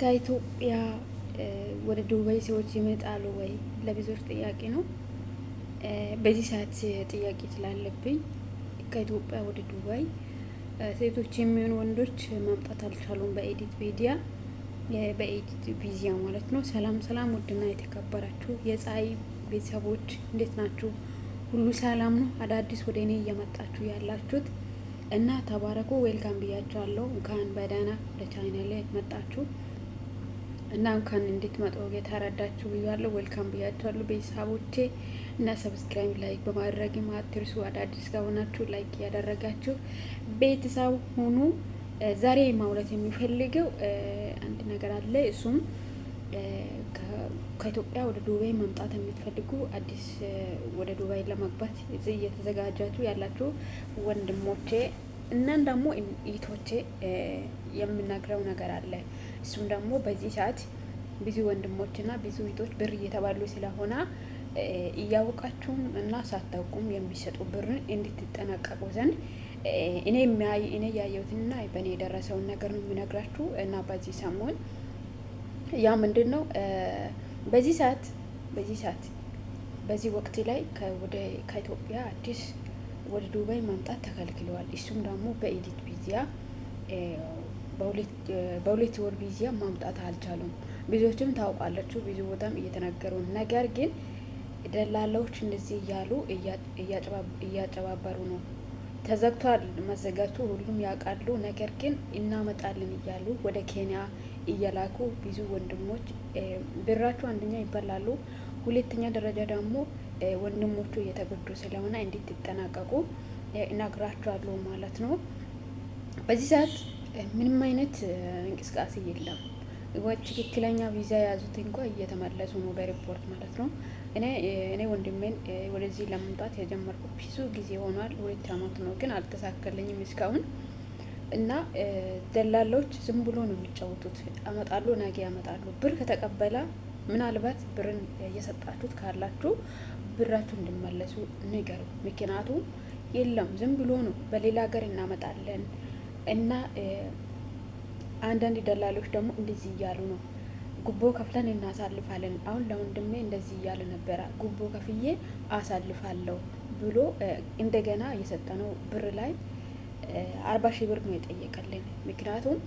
ከኢትዮጵያ ወደ ዱባይ ሰዎች ይመጣሉ ወይ? ለብዙዎች ጥያቄ ነው። በዚህ ሰዓት ጥያቄ ስላለብኝ ከኢትዮጵያ ወደ ዱባይ ሴቶች የሚሆኑ ወንዶች ማምጣት አልቻሉም። በኤዲት ሚዲያ በኤዲት ቪዚያ ማለት ነው። ሰላም ሰላም፣ ውድና የተከበራችሁ የፀሐይ ቤተሰቦች እንዴት ናችሁ? ሁሉ ሰላም ነው? አዳዲስ ወደ እኔ እየመጣችሁ ያላችሁት እና ተባረኩ፣ ዌልካም ብያችኋለሁ። እንኳን በደህና ወደ ላይ መጣችሁ። እና እንኳን እንዴት መጦ የተረዳችሁ ብያለሁ። ዌልካም ብያችኋለሁ ቤተሰቦቼ እና ሰብስክራይብ ላይክ በማድረግ ማትርሱ አዳዲስ ከሆናችሁ ላይክ እያደረጋችሁ ቤተሰብ ሁኑ። ዛሬ ማውለት የሚፈልገው አንድ ነገር አለ። እሱም ከኢትዮጵያ ወደ ዱባይ መምጣት የምትፈልጉ አዲስ ወደ ዱባይ ለመግባት እዚህ እየተዘጋጃችሁ ያላችሁ ወንድሞቼ እናን ደግሞ ኢቶቼ የምናግረው ነገር አለ እሱም ደግሞ በዚህ ሰዓት ብዙ ወንድሞችና ብዙ ቤቶች ብር እየተባሉ ስለሆነ እያወቃችሁም እና ሳታውቁም የሚሰጡ ብርን እንድትጠናቀቁ ዘንድ እኔ የሚያይ እኔ ያየሁትንና በእኔ የደረሰውን ነገር ነው የሚነግራችሁ እና በዚህ ሰሞን ያ ምንድን ነው በዚህ ሰዓት በዚህ ሰዓት በዚህ ወቅት ላይ ወደ ከኢትዮጵያ አዲስ ወደ ዱባይ መምጣት ተከልክለዋል። እሱም ደግሞ በኢዲት ቪዚያ በሁለት ወር ቪዛ ማምጣት አልቻሉም። ብዙዎችም ታውቃለችሁ ብዙ ቦታም እየተነገሩ ነገር ግን ደላላዎች እንደዚህ እያሉ እያጨባበሩ ነው። ተዘግቷል፣ መዘጋቱ ሁሉም ያውቃሉ። ነገር ግን እናመጣልን እያሉ ወደ ኬንያ እየላኩ ብዙ ወንድሞች ብራቸው አንደኛ ይበላሉ፣ ሁለተኛ ደረጃ ደግሞ ወንድሞቹ እየተጎዱ ስለሆነ እንዲት ይጠናቀቁ እነግራቸዋለሁ ማለት ነው በዚህ ሰዓት ምንም አይነት እንቅስቃሴ የለም። ትክክለኛ ቪዛ የያዙት እንኳ እየተመለሱ ነው በሪፖርት ማለት ነው። እኔ እኔ ወንድሜን ወደዚህ ለመምጣት የጀመርኩ ብዙ ጊዜ ሆኗል። ሁለት አመት ነው ግን አልተሳከልኝም እስካሁን እና ደላሎች ዝም ብሎ ነው የሚጫወቱት። አመጣሉ ነገ ያመጣሉ። ብር ከተቀበለ ምናልባት ብርን እየሰጣችሁት ካላችሁ ብራችሁ እንድመለሱ ንገሩ። ምክንያቱም የለም ዝም ብሎ ነው በሌላ ሀገር እናመጣለን እና አንዳንድ ደላሎች ደግሞ እንደዚህ እያሉ ነው ጉቦ ከፍለን እናሳልፋለን። አሁን ለወንድሜ እንደዚህ እያለ ነበረ፣ ጉቦ ከፍዬ አሳልፋለሁ ብሎ እንደገና የሰጠነው ብር ላይ አርባ ሺህ ብር ነው የጠየቀልን። ምክንያቱም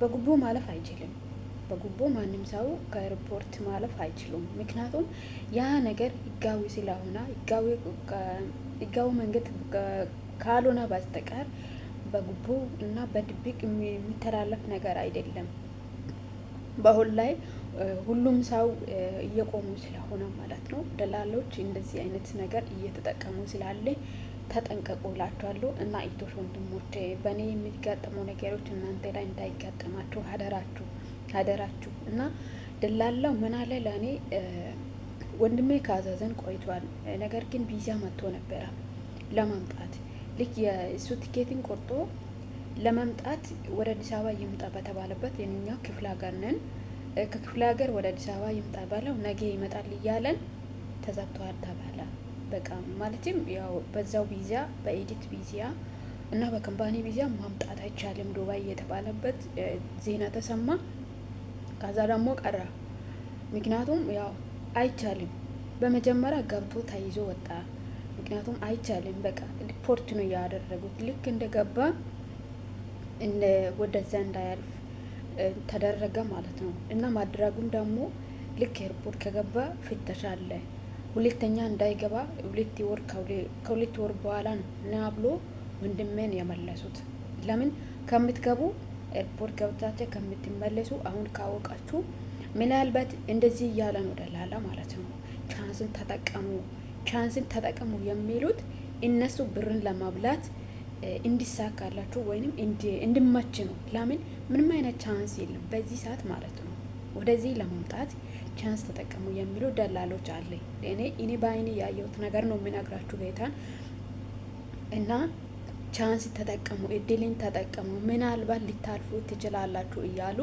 በጉቦ ማለፍ አይችልም። በጉቦ ማንም ሰው ከሪፖርት ማለፍ አይችሉም። ምክንያቱም ያ ነገር ህጋዊ ስለሆነ ህጋዊ መንገድ ካልሆነ በስተቀር በጉቦ እና በድብቅ የሚተላለፍ ነገር አይደለም። በአሁን ላይ ሁሉም ሰው እየቆሙ ስለሆነ ማለት ነው። ደላሎች እንደዚህ አይነት ነገር እየተጠቀሙ ስላለ ተጠንቀቁ እላችኋለሁ። እና ኢትዮሽ ወንድሞች በእኔ የሚጋጠመው ነገሮች እናንተ ላይ እንዳይጋጠማችሁ ሀደራችሁ ሀደራችሁ እና ደላላው ምን አለ ለእኔ ወንድሜ ካዘዘን ቆይቷል። ነገር ግን ቪዛ መጥቶ ነበረ ለማምጣት ልክ የእሱ ቲኬትን ቆርጦ ለመምጣት ወደ አዲስ አበባ ይምጣ በተባለበት የኛ ክፍለ ሀገር ነን። ከክፍለ ሀገር ወደ አዲስ አበባ ይምጣ ባለው ነገ ይመጣል እያለን ተዘግቷል ተባለ። በቃ ማለትም ያው በዛው ቪዚያ በኤዲት ቪዚያ እና በካምፓኒ ቪዚያ ማምጣት አይቻልም ዱባይ የተባለበት ዜና ተሰማ። ከዛ ደግሞ ቀረ። ምክንያቱም ያው አይቻልም በመጀመሪያ ገብቶ ተይዞ ወጣ። ምክንያቱም አይቻልም። በቃ ሪፖርት ነው ያደረጉት። ልክ እንደገባ ወደዛ እንዳያልፍ ተደረገ ማለት ነው። እና ማድረጉም ደግሞ ልክ ኤርፖርት ከገባ ፍተሻ አለ። ሁለተኛ እንዳይገባ ሁለት ወር ከሁለት ወር በኋላ ነው ና ብሎ ወንድሜን የመለሱት። ለምን ከምትገቡ ኤርፖርት ገብታቸው ከምትመለሱ አሁን ካወቃችሁ ምናልባት እንደዚህ እያለ ነው ደላላ ማለት ነው። ቻንስን ተጠቀሙ። ቻንስን ተጠቀሙ የሚሉት እነሱ ብርን ለማብላት እንዲሳካላችሁ ወይንም እንድመች ነው። ለምን ምንም አይነት ቻንስ የለም በዚህ ሰዓት ማለት ነው። ወደዚህ ለመምጣት ቻንስ ተጠቀሙ የሚሉ ደላሎች አለ። እኔ እኔ በአይኔ ያየሁት ነገር ነው የምነግራችሁ ጌታን እና ቻንስ ተጠቀሙ፣ እድልን ተጠቀሙ፣ ምናልባት ልታልፉ ትችላላችሁ እያሉ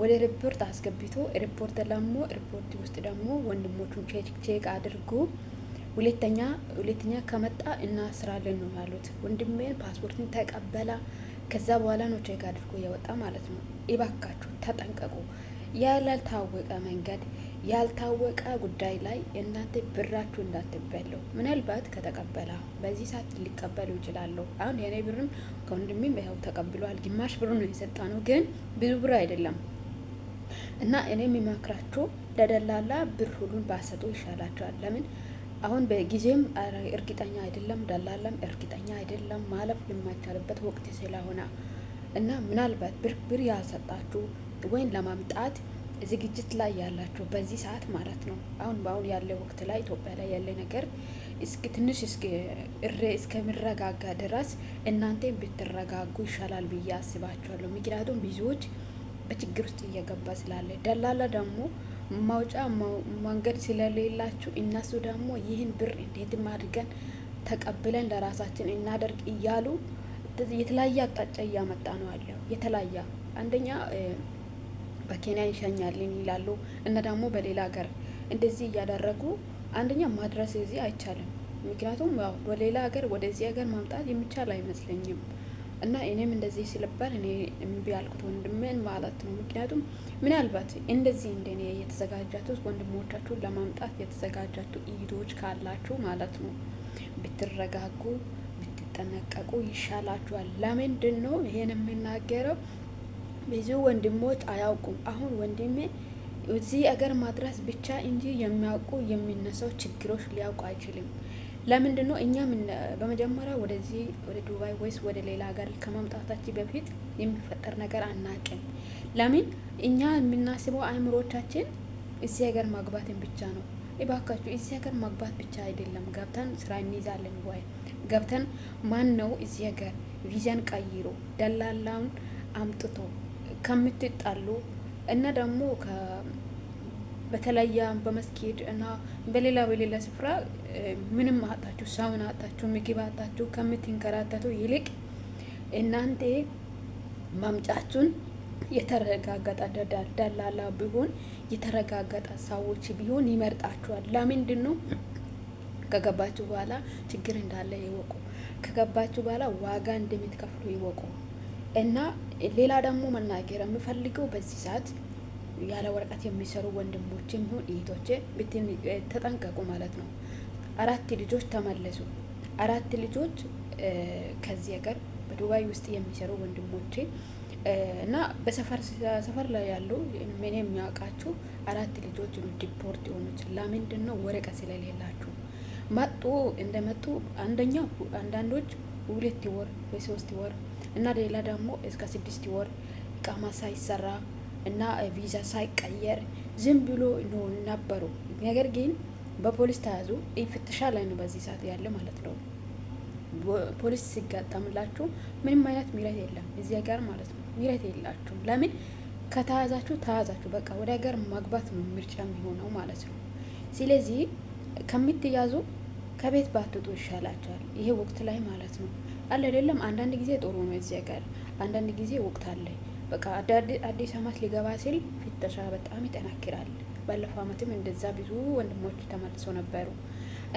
ወደ ሪፖርት አስገብቶ ሪፖርት ደግሞ ሪፖርት ውስጥ ደግሞ ወንድሞቹን ቼክ አድርጉ። ሁለተኛ ሁለተኛ ከመጣ እናስራለን ነው ያሉት። ወንድሜን ፓስፖርትን ተቀበላ። ከዛ በኋላ ነው ቼክ አድርጎ ያወጣ ማለት ነው። እባካችሁ ተጠንቀቁ። ያላልታወቀ መንገድ ያልታወቀ ጉዳይ ላይ እናንተ ብራችሁ እንዳትበለው። ምናልባት ከተቀበላ በዚህ ሰዓት ሊቀበሉ ይችላሉ። አሁን የኔ ብርም ከወንድሜም ያው ተቀብሏል። ግማሽ ብሩ ነው የሰጣ ነው፣ ግን ብዙ ብር አይደለም እና እኔ የሚመክራችሁ ለደላላ ብር ሁሉን ባሰጡ ይሻላቸዋል። ለምን አሁን በጊዜም እርግጠኛ አይደለም፣ ደላላም እርግጠኛ አይደለም። ማለፍ የማይቻልበት ወቅት ስለሆነ እና ምናልባት ብርብር ያልሰጣችሁ ወይም ለማምጣት ዝግጅት ላይ ያላችሁ በዚህ ሰዓት ማለት ነው። አሁን በአሁን ያለ ወቅት ላይ ኢትዮጵያ ላይ ያለ ነገር እስኪ ትንሽ እስከሚረጋጋ ድረስ እናንተ ብትረጋጉ ይሻላል ብዬ አስባችኋለሁ። ምክንያቱም ብዙዎች በችግር ውስጥ እየገባ ስላለ ደላላ ደግሞ ማውጫ መንገድ ስለሌላችሁ እነሱ ደግሞ ይህን ብር እንዴት አድርገን ተቀብለን ለራሳችን እናደርግ እያሉ የተለያየ አቅጣጫ እያመጣ ነው ያለው። የተለያየ አንደኛ በኬንያ ይሸኛልን ይላሉ እና ደግሞ በሌላ ሀገር እንደዚህ እያደረጉ አንደኛ ማድረስ እዚህ አይቻልም። ምክንያቱም ያው በሌላ ሀገር ወደዚህ ሀገር ማምጣት የሚቻል አይመስለኝም። እና እኔም እንደዚህ ሲልበር እኔ እምቢ ያልኩት ወንድምን ማለት ነው። ምክንያቱም ምናልባት እንደዚህ እንደኔ የተዘጋጃችሁ ወንድሞቻችሁን ለማምጣት የተዘጋጃችሁ እይቶች ካላችሁ ማለት ነው ብትረጋጉ ብትጠነቀቁ ይሻላችኋል። ለምንድን ነው ይሄን የምናገረው? ብዙ ወንድሞች አያውቁም። አሁን ወንድሜ እዚህ አገር ማድረስ ብቻ እንጂ የሚያውቁ የሚነሳው ችግሮች ሊያውቁ አይችልም። ለምንድን ነው እኛ በመጀመሪያ ወደዚህ ወደ ዱባይ ወይስ ወደ ሌላ ሀገር ከመምጣታችን በፊት የሚፈጠር ነገር አናቅም። ለምን እኛ የምናስበው አእምሮቻችን እዚህ ሀገር ማግባትን ብቻ ነው። እባካችሁ እዚህ ሀገር ማግባት ብቻ አይደለም። ገብተን ስራ እንይዛለን ወይ ገብተን ማን ነው እዚህ ሀገር ቪዥን ቀይሮ ደላላውን አምጥቶ ከምትጣሉ እና ደግሞ በተለያየ በመስጊድ እና በሌላ በሌላ ስፍራ ምንም አጣችሁ፣ ሰውን አጣችሁ፣ ምግብ አጣችሁ ከምትንከራተቱ ይልቅ እናንተ ማምጫችሁን የተረጋገጠ ደላላ ቢሆን የተረጋገጠ ሰዎች ቢሆን ይመርጣችኋል። ለምንድን ነው? ከገባችሁ በኋላ ችግር እንዳለ ይወቁ። ከገባችሁ በኋላ ዋጋ እንደምትከፍሉ ይወቁ። እና ሌላ ደግሞ መናገር የምፈልገው በዚህ ሰዓት ያለ ወረቀት የሚሰሩ ወንድሞች የሚሆን እህቶቼ ተጠንቀቁ ማለት ነው። አራት ልጆች ተመለሱ። አራት ልጆች ከዚህ ሀገር በዱባይ ውስጥ የሚሰሩ ወንድሞቼ እና በሰፈር ላይ ያሉ ምን የሚያውቃችሁ አራት ልጆች ነው ዲፖርት የሆኑት። ለምንድን ነው ወረቀት ስለሌላችሁ መጡ። እንደመጡ አንደኛው አንዳንዶች ሁለት ወር ወይ ሶስት ወር እና ሌላ ደግሞ እስከ ስድስት ወር ቃማ ሳይሰራ እና ቪዛ ሳይቀየር ዝም ብሎ ነው ነበሩ ነገር ግን በፖሊስ ተያዙ። ፍተሻ ላይ ነው በዚህ ሰዓት ያለ ማለት ነው። ፖሊስ ሲጋጠምላችሁ ምንም አይነት ምህረት የለም እዚህ ሀገር ማለት ነው። ምህረት የላችሁም። ለምን ከተያዛችሁ ተያዛችሁ፣ በቃ ወደ ሀገር ማግባት ነው ምርጫ የሚሆነው ማለት ነው። ስለዚህ ከምትያዙ ከቤት ባትወጡ ይሻላቸዋል፣ ይሄ ወቅት ላይ ማለት ነው። አለ አይደለም። አንዳንድ ጊዜ ጥሩ ነው እዚህ ሀገር፣ አንዳንድ ጊዜ ወቅት አለ። በቃ አዲስ አመት ሊገባ ሲል ፍተሻ በጣም ይጠናክራል። ባለፈው አመትም እንደዛ ብዙ ወንድሞች ተመልሶ ነበሩ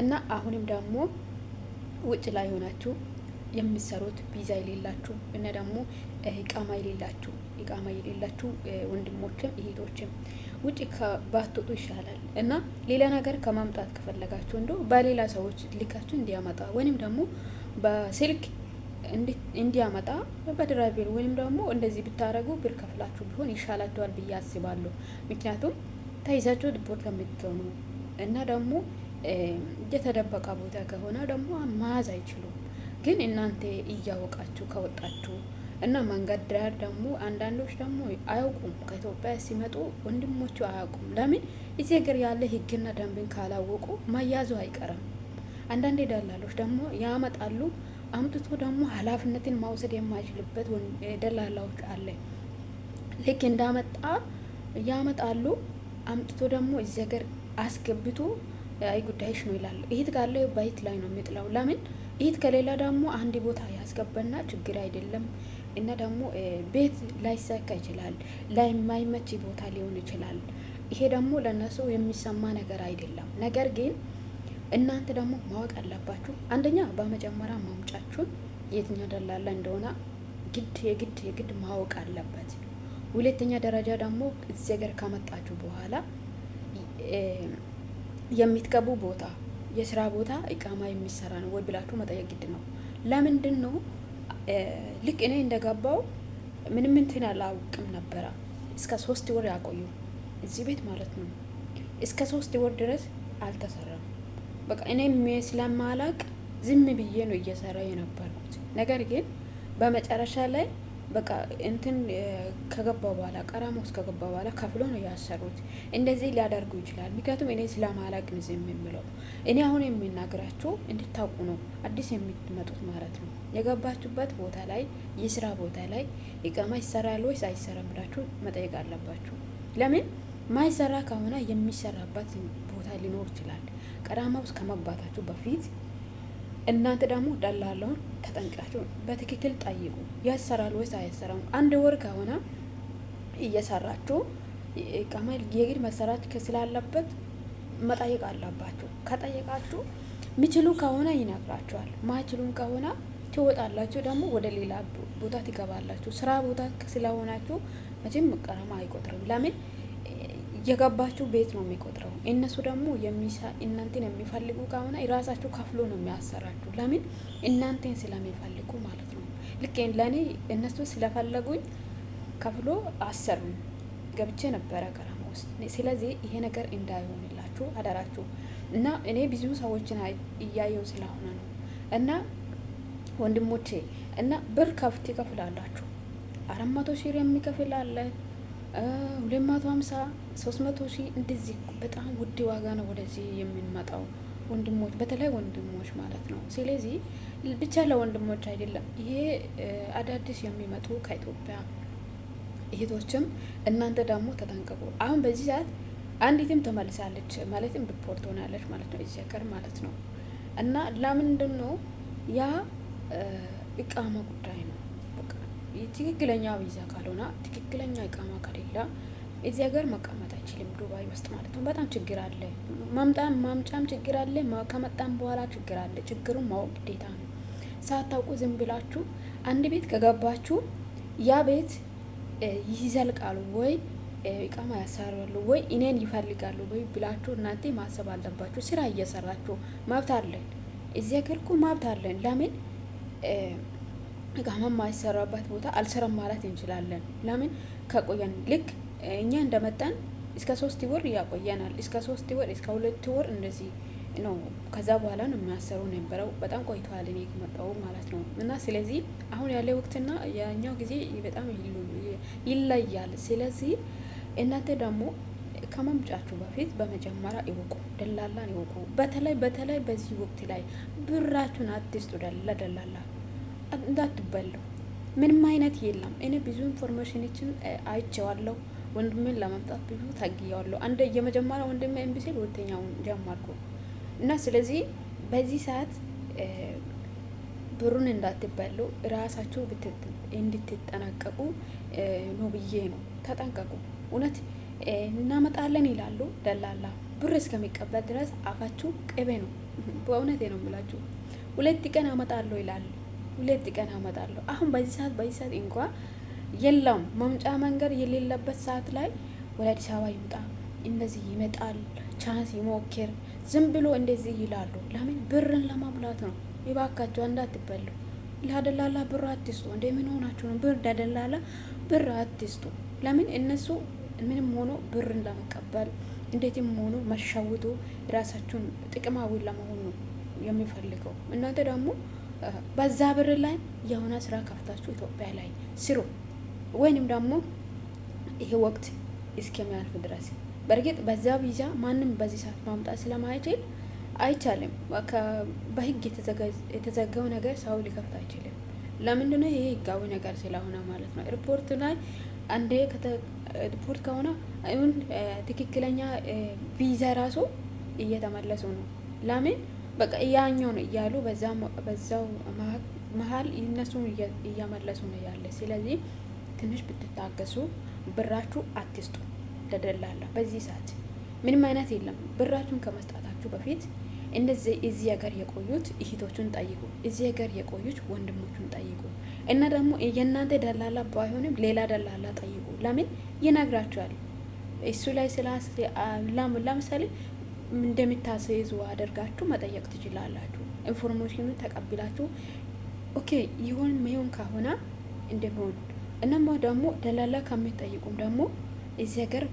እና አሁንም ደግሞ ውጭ ላይ ሆናችሁ የሚሰሩት ቪዛ የሌላችሁ እና ደግሞ ቃማ የሌላችሁ እቃማ የሌላችሁ ወንድሞችም እህቶችም ውጭ ባትወጡ ይሻላል እና ሌላ ነገር ከማምጣት ከፈለጋችሁ እንዶ በሌላ ሰዎች ልካችሁ እንዲያመጣ ወይም ደግሞ በስልክ እንዲያመጣ በድራይቨር ወይም ደግሞ እንደዚህ ብታደረጉ ብር ከፍላችሁ ቢሆን ይሻላችኋል ብዬ አስባለሁ። ምክንያቱም ተይዛችሁ ድቦት ከምትሆኑ እና ደግሞ የተደበቀ ቦታ ከሆነ ደግሞ መያዝ አይችሉም። ግን እናንተ እያወቃችሁ ከወጣችሁ እና መንገድ ዳር ደግሞ አንዳንዶች ደግሞ አያውቁም። ከኢትዮጵያ ሲመጡ ወንድሞቹ አያውቁም። ለምን እዚህ ሀገር ያለ ሕግና ደንብን ካላወቁ መያዙ አይቀርም። አንዳንዴ ደላሎች ደግሞ ያመጣሉ። አምጥቶ ደግሞ ኃላፊነትን ማውሰድ የማይችልበት ደላላዎች አለ። ልክ እንዳመጣ ያመጣሉ አምጥቶ ደግሞ እዚህ ሀገር አስገብቶ አይ ጉዳይሽ ነው ይላሉ። እህት ካለው በእህት ላይ ነው የሚጥለው። ለምን እህት ከሌላ ደግሞ አንድ ቦታ ያስገባና ችግር አይደለም እና ደግሞ ቤት ላይሳካ ይችላል፣ ላይማይመች ቦታ ሊሆን ይችላል። ይሄ ደግሞ ለእነሱ የሚሰማ ነገር አይደለም። ነገር ግን እናንተ ደግሞ ማወቅ አለባችሁ። አንደኛ በመጀመሪያ ማምጫችሁን የትኛው ደላላ እንደሆነ ግድ የግድ የግድ ማወቅ አለበት። ሁለተኛ ደረጃ ደግሞ እዚህ ሀገር ካመጣችሁ በኋላ የሚትገቡ ቦታ የስራ ቦታ እቃማ የሚሰራ ነው ወይ ብላችሁ መጠየቅ ግድ ነው። ለምንድን ነው ልክ እኔ እንደገባው ምንም እንትን አላውቅም ነበረ። እስከ ሶስት ወር ያቆዩ እዚህ ቤት ማለት ነው። እስከ ሶስት ወር ድረስ አልተሰራም። በቃ እኔ ስለማላቅ ዝም ብዬ ነው እየሰራ የነበርኩት። ነገር ግን በመጨረሻ ላይ በቃ እንትን ከገባ በኋላ ቀራማ ውስጥ ከገባ በኋላ ከፍሎ ነው ያሰሩት። እንደዚህ ሊያደርጉ ይችላል። ምክንያቱም እኔ ስለማላቅ ነው የምምለው። እኔ አሁን የሚናገራችሁ እንድታውቁ ነው፣ አዲስ የሚመጡት ማለት ነው። የገባችሁበት ቦታ ላይ የስራ ቦታ ላይ ኢቃማ ይሰራል ወይስ አይሰራም ብላችሁ መጠየቅ አለባችሁ። ለምን ማይሰራ ከሆነ የሚሰራበት ቦታ ሊኖር ይችላል። ቀራማ ውስጥ ከመግባታችሁ በፊት እናንተ ደግሞ ደላላውን ተጠንቅቃችሁ በትክክል ጠይቁ። ያሰራል ወይስ አያሰራም? አንድ ወር ከሆነ እየሰራችሁ ቃማ የግድ መሰራት ስላለበት መጠየቅ አለባችሁ። ከጠየቃችሁ ሚችሉ ከሆነ ይነግራችኋል። ማይችሉም ከሆነ ትወጣላችሁ፣ ደግሞ ወደ ሌላ ቦታ ትገባላችሁ። ስራ ቦታ ስለሆናችሁ መቼም መቀረማ አይቆጥርም። ለምን የገባችሁ ቤት ነው የሚቆጥረው። እነሱ ደግሞ እናንተን የሚፈልጉ ከሆነ ራሳችሁ ከፍሎ ነው የሚያሰራችሁ። ለምን እናንተን ስለሚፈልጉ ማለት ነው። ልክ ለእኔ እነሱ ስለፈለጉኝ ከፍሎ አሰሩኝ። ገብቼ ነበረ ከረማ ውስጥ። ስለዚህ ይሄ ነገር እንዳይሆንላችሁ አደራችሁ እና እኔ ብዙ ሰዎችን እያየው ስለሆነ ነው እና ወንድሞቼ እና ብር ከፍት ይከፍላላችሁ። አራት መቶ ሺህ የሚከፍል አለ ሁለት መቶ ሀምሳ ሶስት መቶ ሺህ እንደዚህ በጣም ውድ ዋጋ ነው ወደዚህ የምንመጣው ወንድሞች፣ በተለይ ወንድሞች ማለት ነው። ስለዚህ ብቻ ለወንድሞች አይደለም ይሄ አዳዲስ የሚመጡ ከኢትዮጵያ እህቶችም እናንተ ደግሞ ተጠንቀቁ። አሁን በዚህ ሰዓት አንዲትም ተመልሳለች ማለትም ሪፖርት ሆናለች ማለት ነው እዚህ ሀገር ማለት ነው። እና ለምንድን ነው ያ እቃማ ጉዳይ ትክክለኛ ቪዛ ካልሆነ ትክክለኛ እቃማ ከሌላ እዚህ ሀገር መቀመጥ አይችልም፣ ዱባይ ውስጥ ማለት ነው። በጣም ችግር አለ። ማምጣም ማምጫም ችግር አለ። ከመጣም በኋላ ችግር አለ። ችግሩን ማወቅ ግዴታ ነው። ሳታውቁ ዝም ብላችሁ አንድ ቤት ከገባችሁ ያ ቤት ይዘልቃሉ ወይ እቃማ ያሳራሉ ወይ እኔን ይፈልጋሉ ወይ ብላችሁ እናንተ ማሰብ አለባችሁ። ስራ እየሰራችሁ መብት አለን። እዚህ ሀገር እኮ መብት አለን። ለምን ኢቃማ የማይሰራበት ቦታ አልሰራም ማለት እንችላለን። ለምን ከቆየን ልክ እኛ እንደመጣን እስከ ሶስት ወር ያቆየናል። እስከ ሶስት ወር እስከ ሁለት ወር እንደዚህ ነው። ከዛ በኋላ ነው የሚያሰሩ ነበረው። በጣም ቆይተዋል እኔ ከመጣሁ ማለት ነው። እና ስለዚህ አሁን ያለ ወቅትና ያኛው ጊዜ በጣም ይለያል። ስለዚህ እናንተ ደግሞ ከመምጫችሁ በፊት በመጀመሪያ ይወቁ፣ ደላላን ይወቁ። በተለይ በተለይ በዚህ ወቅት ላይ ብራችሁን አትስጡ ደላ ደላላ እንዳትበለው ምንም አይነት የለም። እኔ ብዙ ኢንፎርሜሽኖችን አይቼዋለሁ። ወንድሜን ለመምጣት ብዙ ታግያዋለሁ። አንደ የመጀመሪያ ወንድሜ ኤምቢሲል ሁለተኛውን ጀመርኩ እና ስለዚህ በዚህ ሰዓት ብሩን እንዳትበሉ ራሳችሁ እንድትጠናቀቁ ነው ብዬ ነው። ተጠንቀቁ። እውነት እናመጣለን ይላሉ ደላላ። ብር እስከሚቀበል ድረስ አፋችሁ ቅቤ ነው። በእውነት ነው የምላችሁ። ሁለት ቀን አመጣለሁ ይላሉ ሁለት ቀን አመጣለሁ። አሁን በዚህ ሰዓት በዚህ ሰዓት እንኳ የለውም መምጫ መንገድ የሌለበት ሰዓት ላይ ወደ አዲስ አበባ ይምጣ፣ እንደዚህ ይመጣል፣ ቻንስ ይሞክር። ዝም ብሎ እንደዚህ ይላሉ። ለምን ብርን ለማብላት ነው። ይባካቸው እንዳትበሉ። ለደላላ ብር አትስጡ። እንደ ምን ሆናችሁ ነው? ብር ለደላላ ብር አትስጡ። ለምን እነሱ ምንም ሆኖ ብርን ለመቀበል እንዴትም ሆኖ መሻውቶ ራሳችሁን ጥቅማዊ ለመሆን ነው የሚፈልገው እናንተ ደግሞ በዛ ብር ላይ የሆነ ስራ ከፍታችሁ ኢትዮጵያ ላይ ስሩ፣ ወይንም ደግሞ ይሄ ወቅት እስከሚያልፍ ድረስ። በእርግጥ በዛ ቪዛ ማንም በዚህ ሰዓት ማምጣት ስለማይችል አይቻልም። በህግ የተዘጋው ነገር ሰው ሊከፍት አይችልም። ለምንድነው? ይሄ ህጋዊ ነገር ስለሆነ ማለት ነው። ሪፖርት ላይ አንዴ ሪፖርት ከሆነ አሁን ትክክለኛ ቪዛ ራሱ እየተመለሱ ነው። ለምን በቃ ያኛው ነው እያሉ በዛው መሀል እነሱን እያመለሱ ነው ያለ። ስለዚህ ትንሽ ብትታገሱ፣ ብራችሁ አትስጡ ለደላላ በዚህ ሰዓት ምንም አይነት የለም። ብራችሁን ከመስጣታችሁ በፊት እንደዚህ እዚህ ሀገር የቆዩት እህቶቹን ጠይቁ። እዚህ ሀገር የቆዩት ወንድሞቹን ጠይቁ። እና ደግሞ የእናንተ ደላላ ባይሆንም ሌላ ደላላ ጠይቁ። ለምን ይነግራችኋል። እሱ ላይ ስላ ለምሳሌ እንደምታስይዙ አድርጋችሁ መጠየቅ ትችላላችሁ። ኢንፎርሜሽኑ ተቀብላችሁ ኦኬ ይሆን ሚሆን ከሆነ እንደሚሆን እናማ ደግሞ ደላላ ከሚጠይቁም ደግሞ እዚህ ሀገር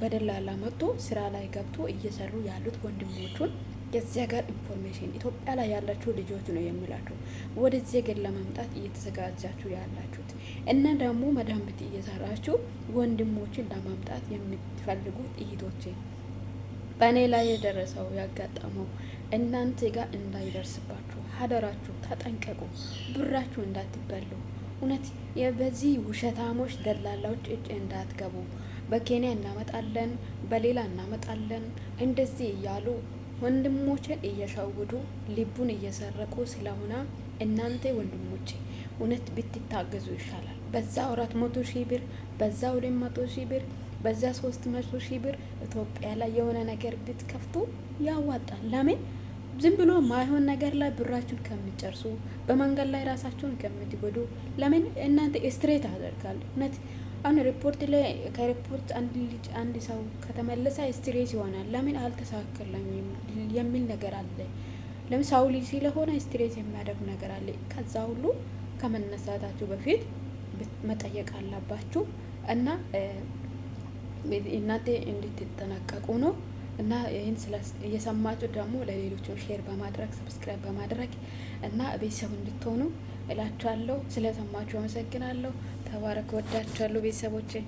በደላላ መጥቶ ስራ ላይ ገብቶ እየሰሩ ያሉት ወንድሞቹን የዚህ ሀገር ኢንፎርሜሽን ኢትዮጵያ ላይ ያላችሁ ልጆች ነው የሚላችሁ። ወደዚህ ሀገር ለመምጣት እየተዘጋጃችሁ ያላችሁት እና ደግሞ መዳን እየሰራችሁ ወንድሞችን ለመምጣት የምትፈልጉት እህቶቼ በእኔ ላይ የደረሰው ያጋጠመው እናንተ ጋር እንዳይደርስባችሁ ሀደራችሁ ተጠንቀቁ። ብራችሁ እንዳትበሉ። እውነት በዚህ ውሸታሞች ደላላዎች እጅ እንዳትገቡ። በኬንያ እናመጣለን፣ በሌላ እናመጣለን እንደዚህ እያሉ ወንድሞችን እየሸውዱ ልቡን እየሰረቁ ስለሆነ እናንተ ወንድሞች እውነት ብትታገዙ ይሻላል። በዛ አራት መቶ ሺህ ብር በዛ ሁለት መቶ ሺህ ብር በዛ ሶስት መቶ ሺህ ብር ኢትዮጵያ ላይ የሆነ ነገር ብትከፍቱ ያዋጣል። ለምን ዝም ብሎ ማይሆን ነገር ላይ ብራችሁን ከምጨርሱ፣ በመንገድ ላይ ራሳችሁን ከምትጎዱ ለምን እናንተ ስትሬት አደርጋሉ እውነት አሁን ሪፖርት ላይ ከሪፖርት አንድ ልጅ አንድ ሰው ከተመለሰ ስትሬስ ይሆናል። ለምን አልተሳካልኝም የሚል ነገር አለ። ለምን ሰው ልጅ ስለሆነ ስትሬስ የሚያደርግ ነገር አለ። ከዛ ሁሉ ከመነሳታችሁ በፊት መጠየቅ አለባችሁ እና እናንተ እንድትጠነቀቁ ነው። እና ይህን እየሰማችሁ ደግሞ ለሌሎችም ሼር በማድረግ ሰብስክራይብ በማድረግ እና ቤተሰብ እንድትሆኑ እላችኋለሁ። ስለሰማችሁ አመሰግናለሁ። ተባረክ። ወዳችኋለሁ ቤተሰቦቼ።